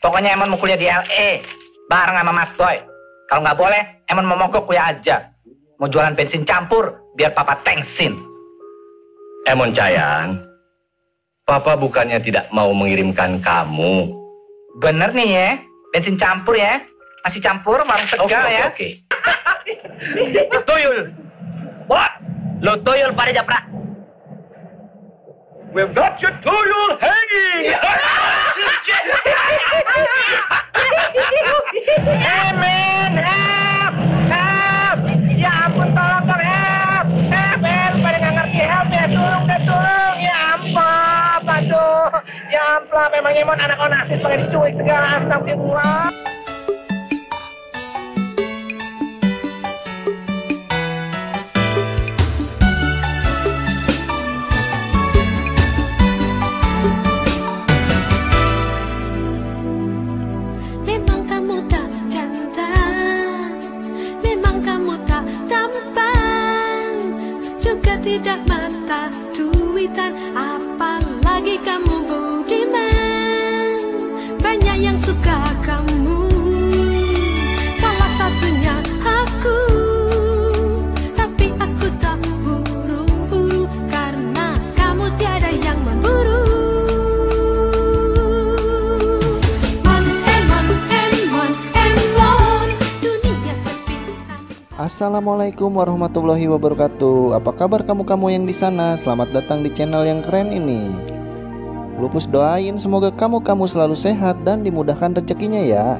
Pokoknya Emon mau kuliah di LA e, bareng sama Mas Boy. Kalau nggak boleh, Emon mau mogok kuliah aja. Mau jualan bensin campur biar Papa tengsin. Emon sayang, Papa bukannya tidak mau mengirimkan kamu. Bener nih ya, bensin campur ya. Masih campur, warung segar oh, okay, okay, ya. Oke, okay. tuyul. What? Lo tuyul pada japrak. We've got you to your hanging. help, help. Ya ampun, tolong dong, help. Help, help, pada nggak ngerti help ya. Tolong deh, tolong. Ya ampun, aduh. Ya ampun, memangnya mon anak onasis pakai diculik segala. Astagfirullah. 但。Assalamualaikum warahmatullahi wabarakatuh. Apa kabar kamu-kamu yang di sana? Selamat datang di channel yang keren ini. Lupus doain semoga kamu-kamu selalu sehat dan dimudahkan rezekinya ya.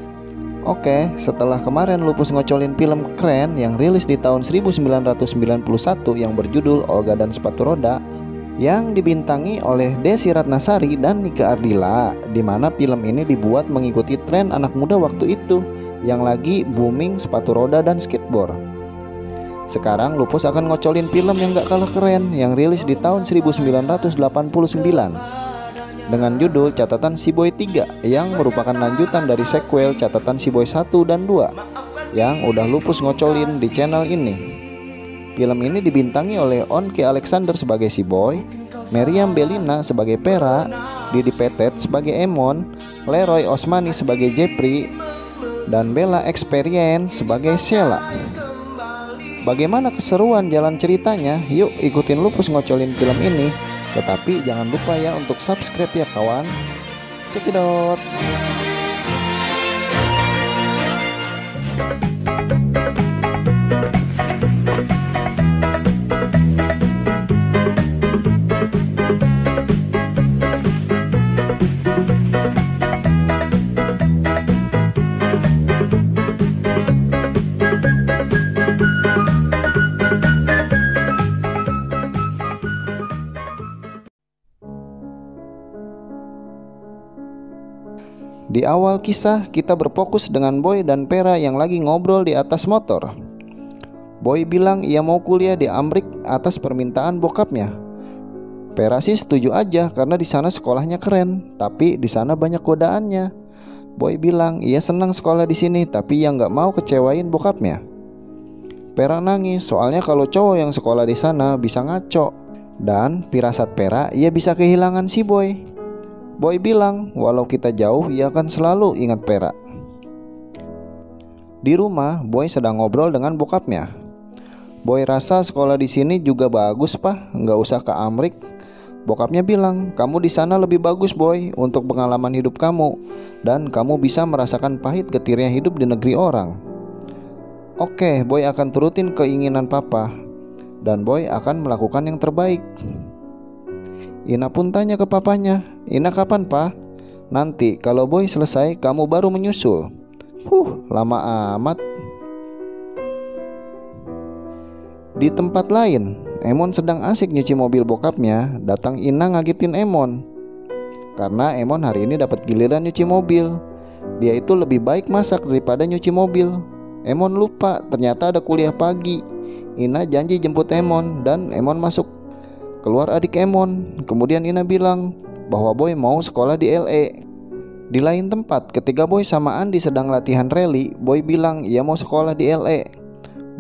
Oke, setelah kemarin Lupus ngocolin film keren yang rilis di tahun 1991 yang berjudul Olga dan Sepatu Roda, yang dibintangi oleh Desi Ratnasari dan Nika Ardila di mana film ini dibuat mengikuti tren anak muda waktu itu yang lagi booming sepatu roda dan skateboard. Sekarang Lupus akan ngocolin film yang gak kalah keren yang rilis di tahun 1989 dengan judul Catatan Si Boy 3 yang merupakan lanjutan dari sequel Catatan Si Boy 1 dan 2 yang udah Lupus ngocolin di channel ini. Film ini dibintangi oleh Onke Alexander sebagai si Boy, Meriam Belina sebagai Pera, Didi Petet sebagai Emon, Leroy Osmani sebagai Jepri, dan Bella Experience sebagai Sheila. Bagaimana keseruan jalan ceritanya? Yuk ikutin Lupus ngocolin film ini. Tetapi jangan lupa ya untuk subscribe ya kawan. Cekidot. thank you Di awal kisah, kita berfokus dengan Boy dan Pera yang lagi ngobrol di atas motor. Boy bilang ia mau kuliah di Amrik atas permintaan bokapnya. Pera sih setuju aja karena di sana sekolahnya keren, tapi di sana banyak godaannya. Boy bilang ia senang sekolah di sini, tapi ia nggak mau kecewain bokapnya. Pera nangis soalnya kalau cowok yang sekolah di sana bisa ngaco. Dan firasat Pera ia bisa kehilangan si Boy. Boy bilang, walau kita jauh, ia akan selalu ingat perak. Di rumah, Boy sedang ngobrol dengan bokapnya. Boy rasa sekolah di sini juga bagus, Pak. Nggak usah ke Amrik. Bokapnya bilang, "Kamu di sana lebih bagus, Boy, untuk pengalaman hidup kamu dan kamu bisa merasakan pahit getirnya hidup di negeri orang." Oke, Boy akan turutin keinginan papa dan Boy akan melakukan yang terbaik. Ina pun tanya ke papanya, Ina kapan pa? Nanti kalau boy selesai kamu baru menyusul. Huh, lama amat. Di tempat lain, Emon sedang asik nyuci mobil bokapnya, datang Ina ngagitin Emon. Karena Emon hari ini dapat giliran nyuci mobil. Dia itu lebih baik masak daripada nyuci mobil. Emon lupa ternyata ada kuliah pagi. Ina janji jemput Emon dan Emon masuk Keluar adik Emon, kemudian Ina bilang bahwa Boy mau sekolah di LA. Di lain tempat, ketika Boy sama Andi sedang latihan rally, Boy bilang ia mau sekolah di LA.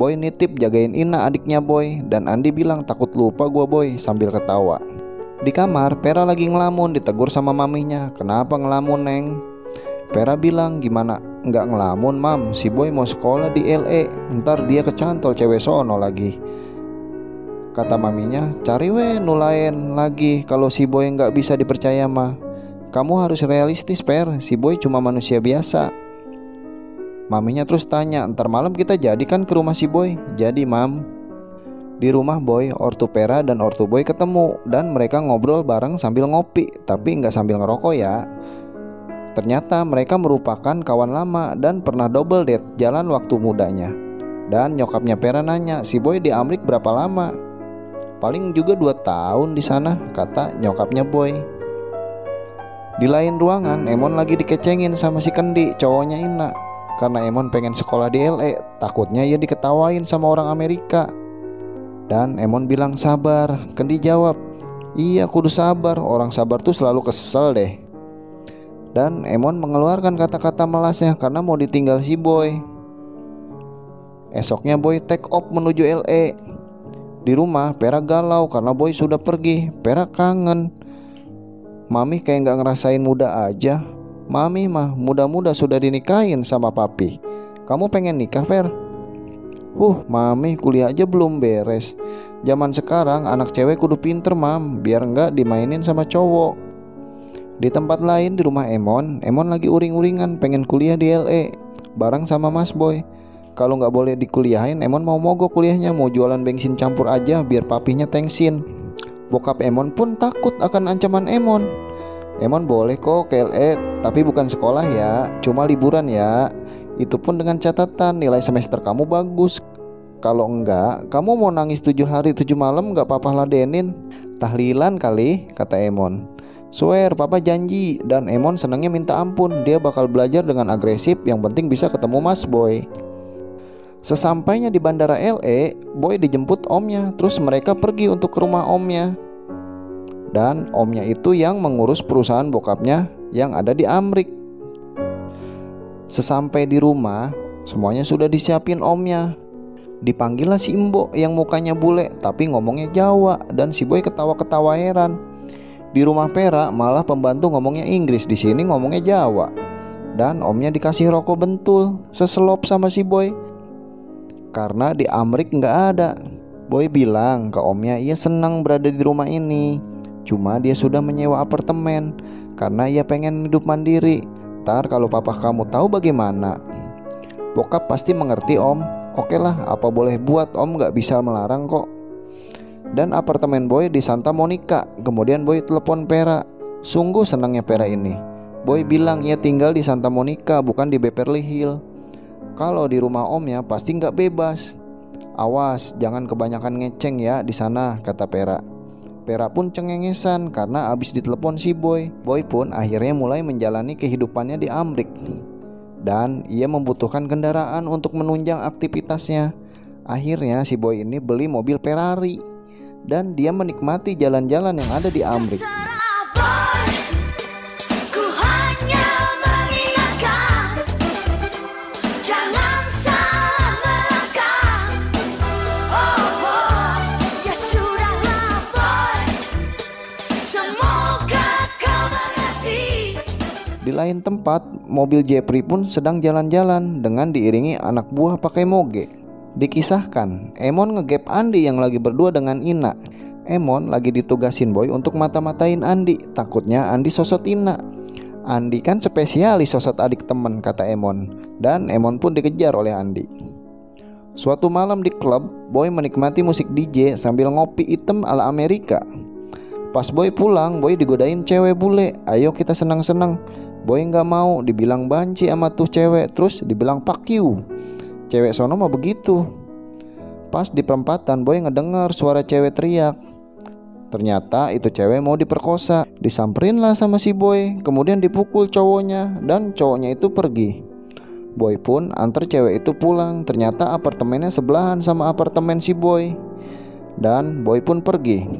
Boy nitip jagain Ina adiknya Boy, dan Andi bilang takut lupa gua Boy sambil ketawa. Di kamar, Pera lagi ngelamun ditegur sama maminya, kenapa ngelamun Neng? Pera bilang gimana, nggak ngelamun mam, si Boy mau sekolah di LA, ntar dia kecantol cewek sono lagi kata maminya, cari we nulain lagi kalau si boy nggak bisa dipercaya mah. Kamu harus realistis per, si boy cuma manusia biasa. Maminya terus tanya, ntar malam kita jadikan ke rumah si boy? Jadi mam. Di rumah boy, ortu Pera dan ortu boy ketemu dan mereka ngobrol bareng sambil ngopi, tapi nggak sambil ngerokok ya. Ternyata mereka merupakan kawan lama dan pernah double date jalan waktu mudanya. Dan nyokapnya Pera nanya, si Boy di Amrik berapa lama? Paling juga dua tahun di sana, kata nyokapnya Boy. Di lain ruangan, Emon lagi dikecengin sama si Kendi, cowoknya Ina. Karena Emon pengen sekolah di LE, takutnya ia diketawain sama orang Amerika. Dan Emon bilang sabar, Kendi jawab, Iya kudu sabar, orang sabar tuh selalu kesel deh. Dan Emon mengeluarkan kata-kata melasnya karena mau ditinggal si Boy. Esoknya Boy take off menuju LE di rumah Pera galau karena Boy sudah pergi Pera kangen Mami kayak gak ngerasain muda aja Mami mah muda-muda sudah dinikahin sama papi Kamu pengen nikah Fer? Huh mami kuliah aja belum beres. Zaman sekarang anak cewek kudu pinter, mam, biar nggak dimainin sama cowok. Di tempat lain di rumah Emon, Emon lagi uring-uringan pengen kuliah di LE bareng sama Mas Boy kalau nggak boleh dikuliahin Emon mau mogok kuliahnya mau jualan bensin campur aja biar papihnya tengsin bokap Emon pun takut akan ancaman Emon Emon boleh kok KLE e, tapi bukan sekolah ya cuma liburan ya itu pun dengan catatan nilai semester kamu bagus kalau enggak, kamu mau nangis tujuh hari tujuh malam enggak papa ladenin. Tahlilan kali, kata Emon. Swear, papa janji. Dan Emon senangnya minta ampun. Dia bakal belajar dengan agresif, yang penting bisa ketemu mas boy. Sesampainya di bandara LA, Boy dijemput omnya, terus mereka pergi untuk ke rumah omnya. Dan omnya itu yang mengurus perusahaan bokapnya yang ada di Amrik. Sesampai di rumah, semuanya sudah disiapin omnya. Dipanggillah si Imbo yang mukanya bule tapi ngomongnya Jawa dan si Boy ketawa-ketawa heran. Di rumah Pera malah pembantu ngomongnya Inggris, di sini ngomongnya Jawa. Dan omnya dikasih rokok bentul, seselop sama si Boy karena di Amrik nggak ada. Boy bilang ke omnya ia senang berada di rumah ini. Cuma dia sudah menyewa apartemen karena ia pengen hidup mandiri. Ntar kalau papa kamu tahu bagaimana? Bokap pasti mengerti om. Oke lah, apa boleh buat om nggak bisa melarang kok. Dan apartemen Boy di Santa Monica. Kemudian Boy telepon Pera. Sungguh senangnya Pera ini. Boy bilang ia tinggal di Santa Monica bukan di Beverly Hills kalau di rumah om ya pasti nggak bebas. Awas, jangan kebanyakan ngeceng ya di sana, kata Pera. Pera pun cengengesan karena abis ditelepon si Boy. Boy pun akhirnya mulai menjalani kehidupannya di Amrik. Dan ia membutuhkan kendaraan untuk menunjang aktivitasnya. Akhirnya si Boy ini beli mobil Ferrari. Dan dia menikmati jalan-jalan yang ada di Amrik. Di lain tempat, mobil Jeffrey pun sedang jalan-jalan dengan diiringi anak buah pakai moge. Dikisahkan, Emon ngegap Andi yang lagi berdua dengan Ina. Emon lagi ditugasin Boy untuk mata-matain Andi, takutnya Andi sosot Ina. Andi kan spesialis sosot adik temen kata Emon, dan Emon pun dikejar oleh Andi. Suatu malam di klub, Boy menikmati musik DJ sambil ngopi item ala Amerika. Pas Boy pulang, Boy digodain cewek bule. Ayo kita senang-senang. Boy nggak mau dibilang banci sama tuh cewek terus dibilang you cewek sono mah begitu pas di perempatan Boy ngedengar suara cewek teriak Ternyata itu cewek mau diperkosa Disamperin lah sama si boy Kemudian dipukul cowoknya Dan cowoknya itu pergi Boy pun antar cewek itu pulang Ternyata apartemennya sebelahan sama apartemen si boy Dan boy pun pergi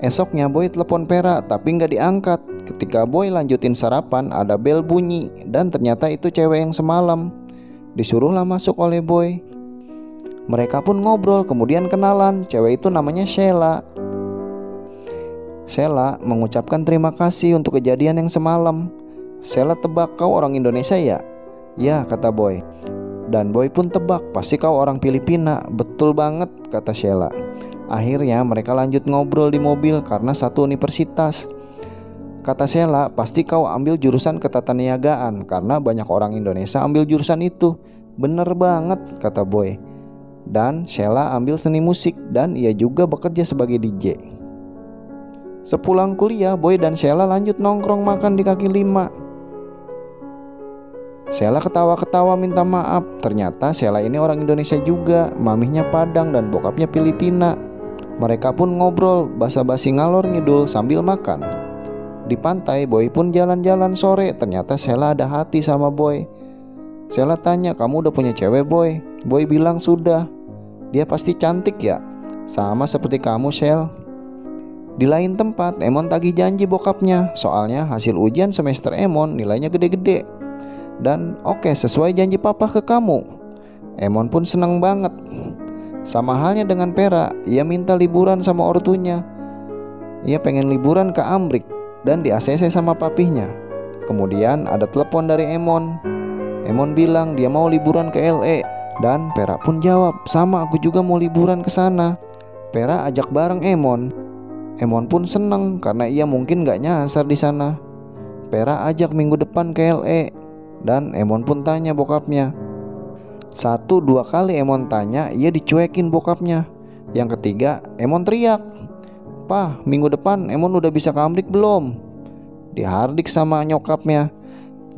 Esoknya boy telepon Pera Tapi nggak diangkat Ketika Boy lanjutin sarapan, ada bel bunyi dan ternyata itu cewek yang semalam. Disuruhlah masuk oleh Boy. Mereka pun ngobrol, kemudian kenalan. Cewek itu namanya Sheila. Sheila mengucapkan terima kasih untuk kejadian yang semalam. Sheila tebak kau orang Indonesia ya? Ya, kata Boy. Dan Boy pun tebak, pasti kau orang Filipina. Betul banget, kata Sheila. Akhirnya mereka lanjut ngobrol di mobil karena satu universitas. Kata Sela, pasti kau ambil jurusan ketataniagaan karena banyak orang Indonesia ambil jurusan itu. Bener banget, kata Boy. Dan Sheila ambil seni musik dan ia juga bekerja sebagai DJ. Sepulang kuliah, Boy dan Sheila lanjut nongkrong makan di kaki lima. Sheila ketawa-ketawa minta maaf. Ternyata Sheila ini orang Indonesia juga, mamihnya Padang dan bokapnya Filipina. Mereka pun ngobrol, basa-basi ngalor ngidul sambil makan. Di pantai Boy pun jalan-jalan sore Ternyata Sela ada hati sama Boy Sela tanya kamu udah punya cewek Boy Boy bilang sudah Dia pasti cantik ya Sama seperti kamu Sel di lain tempat, Emon tagih janji bokapnya, soalnya hasil ujian semester Emon nilainya gede-gede. Dan oke, okay, sesuai janji papa ke kamu. Emon pun seneng banget. Sama halnya dengan Pera, ia minta liburan sama ortunya. Ia pengen liburan ke Amrik dan di ACC sama papihnya. Kemudian ada telepon dari Emon. Emon bilang dia mau liburan ke LE. dan Pera pun jawab, "Sama aku juga mau liburan ke sana." Pera ajak bareng Emon. Emon pun seneng karena ia mungkin gak nyasar di sana. Pera ajak minggu depan ke LE. dan Emon pun tanya bokapnya. Satu dua kali Emon tanya, ia dicuekin bokapnya. Yang ketiga, Emon teriak, apa minggu depan Emon udah bisa kamrik belum? Dihardik sama nyokapnya.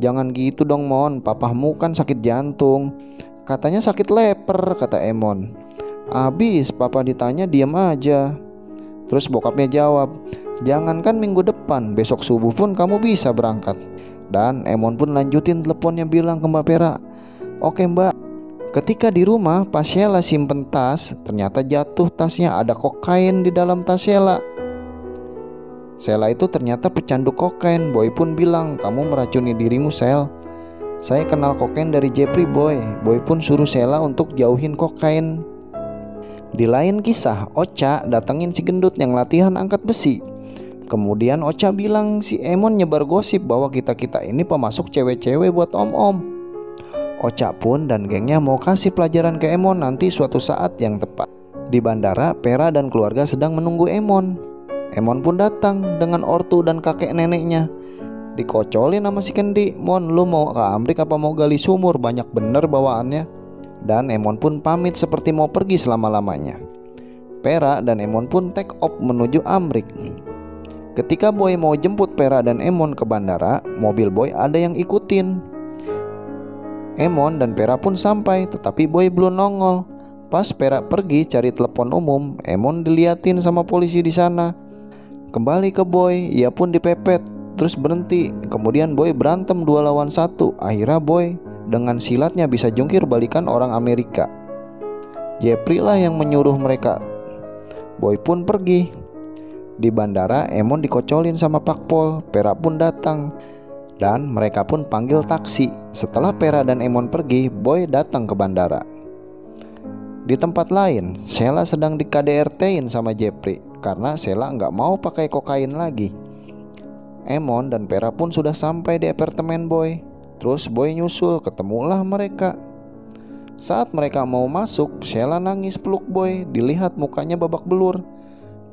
Jangan gitu dong Mon, papahmu kan sakit jantung. Katanya sakit leper, kata Emon. Abis papa ditanya diam aja. Terus bokapnya jawab, jangankan minggu depan, besok subuh pun kamu bisa berangkat. Dan Emon pun lanjutin teleponnya bilang ke Mbak Pera, Oke mbak, Ketika di rumah, Sheila simpen tas, ternyata jatuh tasnya ada kokain di dalam tas Sela. Sela itu ternyata pecandu kokain. Boy pun bilang, "Kamu meracuni dirimu, Sel." Saya kenal kokain dari Jeffrey Boy. Boy pun suruh Sela untuk jauhin kokain. Di lain kisah, Ocha datengin si gendut yang latihan angkat besi. Kemudian Ocha bilang si Emon nyebar gosip bahwa kita-kita ini pemasuk cewek-cewek buat om-om. Ocha pun dan gengnya mau kasih pelajaran ke Emon nanti suatu saat yang tepat. Di bandara, Pera dan keluarga sedang menunggu Emon. Emon pun datang dengan ortu dan kakek neneknya. Dikocolin sama si Kendi, Mon lu mau ke Amrik apa mau gali sumur banyak bener bawaannya. Dan Emon pun pamit seperti mau pergi selama-lamanya. Pera dan Emon pun take off menuju Amrik. Ketika Boy mau jemput Pera dan Emon ke bandara, mobil Boy ada yang ikutin. Emon dan Pera pun sampai, tetapi Boy belum nongol. Pas Pera pergi cari telepon umum, Emon diliatin sama polisi di sana. Kembali ke Boy, ia pun dipepet, terus berhenti. Kemudian Boy berantem dua lawan satu. Akhirnya Boy dengan silatnya bisa jungkir balikan orang Amerika. Jeffrey lah yang menyuruh mereka. Boy pun pergi. Di bandara, Emon dikocolin sama Pak Pol. Pera pun datang. Dan mereka pun panggil taksi. Setelah Vera dan Emon pergi, Boy datang ke bandara. Di tempat lain, Sela sedang di KDRT-in sama Jeffrey karena Sela nggak mau pakai kokain lagi. Emon dan Vera pun sudah sampai di apartemen Boy. Terus Boy nyusul, ketemulah mereka. Saat mereka mau masuk, Sela nangis peluk Boy, dilihat mukanya babak belur.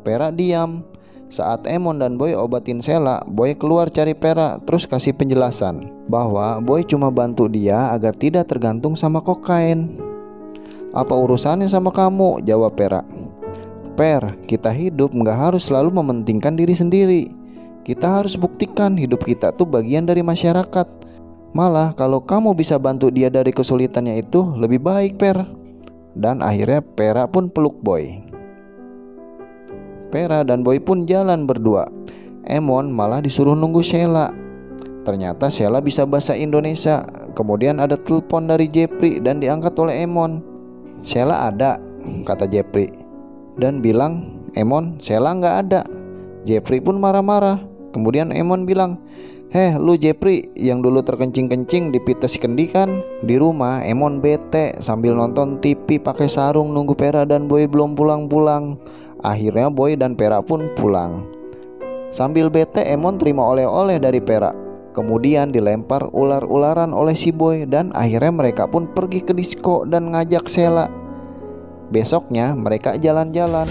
Vera diam, saat Emon dan Boy obatin Sela, Boy keluar cari Pera terus kasih penjelasan bahwa Boy cuma bantu dia agar tidak tergantung sama kokain. Apa urusannya sama kamu? Jawab Pera. Per, kita hidup nggak harus selalu mementingkan diri sendiri. Kita harus buktikan hidup kita tuh bagian dari masyarakat. Malah kalau kamu bisa bantu dia dari kesulitannya itu lebih baik Per. Dan akhirnya Pera pun peluk Boy. Pera dan Boy pun jalan berdua. Emon malah disuruh nunggu Sheila. Ternyata Sheila bisa bahasa Indonesia. Kemudian ada telepon dari Jepri dan diangkat oleh Emon. Sheila ada, kata Jepri. Dan bilang, Emon, Sheila nggak ada. Jepri pun marah-marah. Kemudian Emon bilang, Heh lu Jepri yang dulu terkencing-kencing di Pites Kendi kan Di rumah Emon bete sambil nonton TV pakai sarung nunggu Pera dan Boy belum pulang-pulang Akhirnya Boy dan Perak pun pulang. Sambil bete Emon terima oleh-oleh dari Perak. Kemudian dilempar ular-ularan oleh si Boy dan akhirnya mereka pun pergi ke disko dan ngajak Sela. Besoknya mereka jalan-jalan.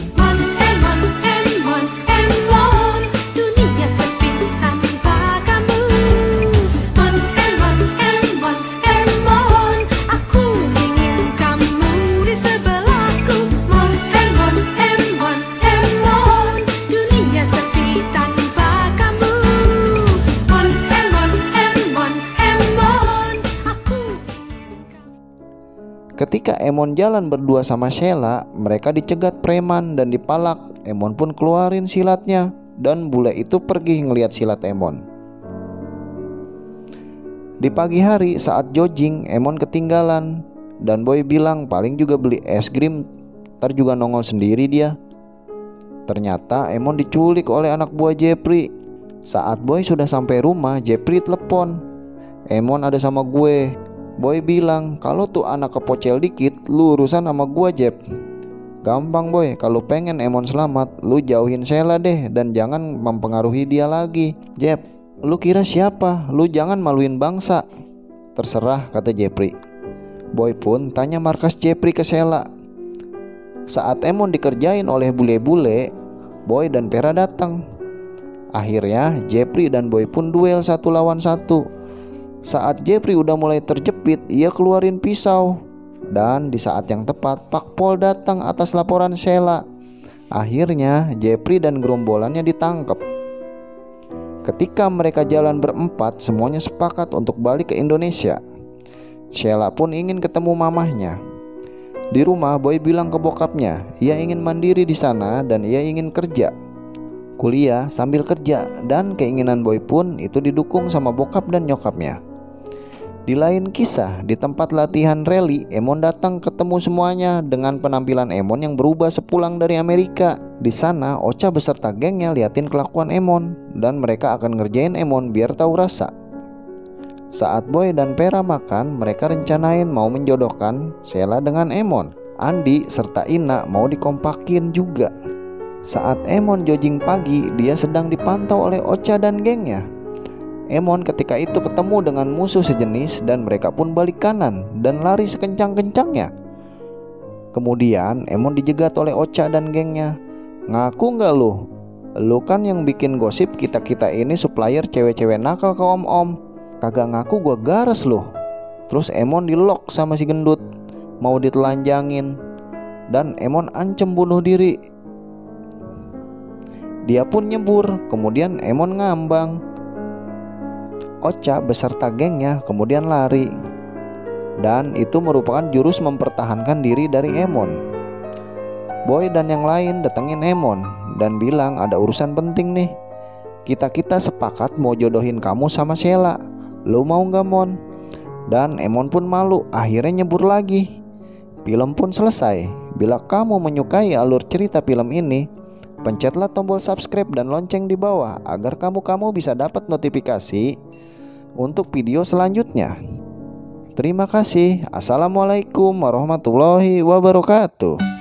Ketika Emon jalan berdua sama Sheila, mereka dicegat preman dan dipalak. Emon pun keluarin silatnya dan bule itu pergi ngeliat silat Emon. Di pagi hari saat jogging, Emon ketinggalan dan Boy bilang paling juga beli es krim, ntar juga nongol sendiri dia. Ternyata Emon diculik oleh anak buah Jepri. Saat Boy sudah sampai rumah, Jepri telepon. Emon ada sama gue, Boy bilang, kalau tuh anak kepocel dikit, lu urusan sama gua Jeb. Gampang boy, kalau pengen Emon selamat, lu jauhin Sela deh dan jangan mempengaruhi dia lagi. Jeb, lu kira siapa? Lu jangan maluin bangsa. Terserah, kata Jepri. Boy pun tanya markas Jepri ke Sela. Saat Emon dikerjain oleh bule-bule, Boy dan Pera datang. Akhirnya, Jepri dan Boy pun duel satu lawan satu. Saat Jeffrey udah mulai terjepit, ia keluarin pisau. Dan di saat yang tepat, Pak Pol datang atas laporan Sheila. Akhirnya, Jeffrey dan gerombolannya ditangkap. Ketika mereka jalan berempat, semuanya sepakat untuk balik ke Indonesia. Sheila pun ingin ketemu mamahnya. Di rumah, Boy bilang ke bokapnya, ia ingin mandiri di sana dan ia ingin kerja. Kuliah sambil kerja dan keinginan Boy pun itu didukung sama bokap dan nyokapnya. Di lain kisah, di tempat latihan rally, Emon datang ketemu semuanya dengan penampilan Emon yang berubah sepulang dari Amerika. Di sana, Ocha beserta gengnya liatin kelakuan Emon dan mereka akan ngerjain Emon biar tahu rasa. Saat Boy dan Pera makan, mereka rencanain mau menjodohkan Sela dengan Emon. Andi serta Ina mau dikompakin juga. Saat Emon jogging pagi, dia sedang dipantau oleh Ocha dan gengnya Emon ketika itu ketemu dengan musuh sejenis dan mereka pun balik kanan dan lari sekencang-kencangnya. Kemudian Emon dijegat oleh Ocha dan gengnya. Ngaku nggak lu? Lu kan yang bikin gosip kita-kita ini supplier cewek-cewek nakal ke om-om. Kagak ngaku gue garas lu. Terus Emon dilok sama si gendut. Mau ditelanjangin. Dan Emon ancam bunuh diri. Dia pun nyebur, kemudian Emon ngambang. Ocha beserta gengnya kemudian lari. Dan itu merupakan jurus mempertahankan diri dari Emon. Boy dan yang lain datengin Emon dan bilang ada urusan penting nih. Kita-kita sepakat mau jodohin kamu sama Sheila. Lu mau nggak Mon? Dan Emon pun malu, akhirnya nyebur lagi. Film pun selesai. Bila kamu menyukai alur cerita film ini, pencetlah tombol subscribe dan lonceng di bawah agar kamu-kamu bisa dapat notifikasi untuk video selanjutnya. Terima kasih. Assalamualaikum warahmatullahi wabarakatuh.